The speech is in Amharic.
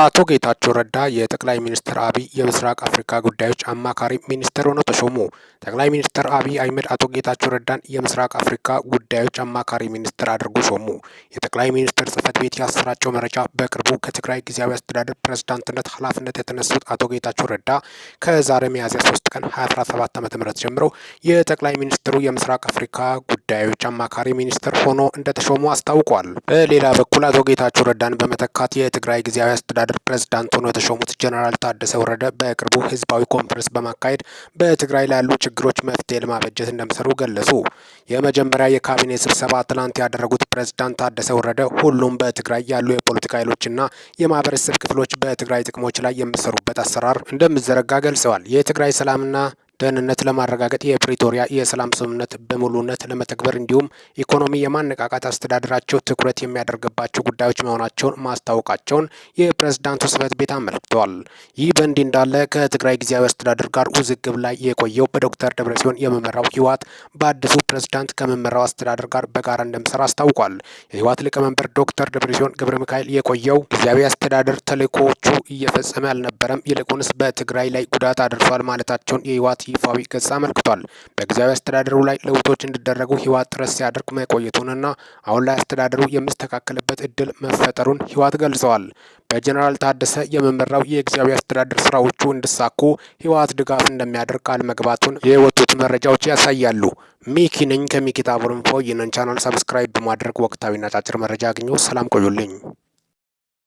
አቶ ጌታቸው ረዳ የጠቅላይ ሚኒስትር አብይ የምስራቅ አፍሪካ ጉዳዮች አማካሪ ሚኒስትር ሆነው ተሾሙ። ጠቅላይ ሚኒስትር አብይ አህመድ አቶ ጌታቸው ረዳን የምስራቅ አፍሪካ ጉዳዮች አማካሪ ሚኒስትር አድርጎ ሾሙ። የጠቅላይ ሚኒስትር ጽህፈት ቤት ያሰራጨው መረጃ በቅርቡ ከትግራይ ጊዜያዊ አስተዳደር ፕሬዝዳንትነት ኃላፊነት የተነሱት አቶ ጌታቸው ረዳ ከዛሬ ሚያዝያ 3 ቀን 2017 ም ጀምሮ የጠቅላይ ሚኒስትሩ የምስራቅ አፍሪካ ጉዳዮች አማካሪ ሚኒስትር ሆኖ እንደተሾሙ አስታውቋል። በሌላ በኩል አቶ ጌታቸው ረዳን በመተካት የትግራይ ጊዜያዊ አስተዳደር አስተዳደር ፕሬዝዳንት ሆነው የተሾሙት ጀነራል ታደሰ ወረደ በቅርቡ ህዝባዊ ኮንፈረንስ በማካሄድ በትግራይ ላሉ ችግሮች መፍትሄ ለማበጀት እንደሚሰሩ ገለጹ። የመጀመሪያ የካቢኔ ስብሰባ ትናንት ያደረጉት ፕሬዝዳንት ታደሰ ወረደ ሁሉም በትግራይ ያሉ የፖለቲካ ኃይሎችና የማህበረሰብ ክፍሎች በትግራይ ጥቅሞች ላይ የሚሰሩበት አሰራር እንደሚዘረጋ ገልጸዋል። የትግራይ ሰላምና ደህንነት ለማረጋገጥ የፕሪቶሪያ የሰላም ስምምነት በሙሉነት ለመተግበር እንዲሁም ኢኮኖሚ የማነቃቃት አስተዳደራቸው ትኩረት የሚያደርግባቸው ጉዳዮች መሆናቸውን ማስታወቃቸውን የፕሬዝዳንቱ ጽሕፈት ቤት አመልክተዋል። ይህ በእንዲህ እንዳለ ከትግራይ ጊዜያዊ አስተዳደር ጋር ውዝግብ ላይ የቆየው በዶክተር ደብረጽዮን የሚመራው ህወሓት በአዲሱ ፕሬዝዳንት ከመመራው አስተዳደር ጋር በጋራ እንደሚሰራ አስታውቋል። የህወሓት ሊቀመንበር ዶክተር ደብረጽዮን ገብረ ሚካኤል የቆየው ጊዜያዊ አስተዳደር ተልእኮዎቹ እየፈጸመ አልነበረም፣ ይልቁንስ በትግራይ ላይ ጉዳት አድርሷል ማለታቸውን የህወሓት ይፋዊ ገጽ አመልክቷል። በጊዜያዊ አስተዳደሩ ላይ ለውጦች እንዲደረጉ ህወሓት ጥረት ሲያደርግ መቆየቱንና አሁን ላይ አስተዳደሩ የሚስተካከልበት እድል መፈጠሩን ህወሓት ገልጸዋል። በጀኔራል ታደሰ የመመራው የጊዜያዊ አስተዳደር ስራዎቹ እንዲሳኩ ህወሓት ድጋፍ እንደሚያደርግ ቃል መግባቱን የወጡት መረጃዎች ያሳያሉ። ሚኪ ነኝ ከሚኪ ታቦር ይህንን ቻናል ሰብስክራይብ በማድረግ ወቅታዊና አጫጭር መረጃ አግኘው። ሰላም ቆዩልኝ።